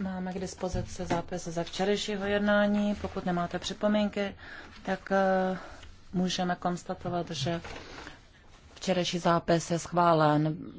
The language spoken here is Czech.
Máme k dispozici zápis ze včerejšího jednání. Pokud nemáte připomínky, tak eh, můžeme konstatovat, že včerejší zápis je schválen.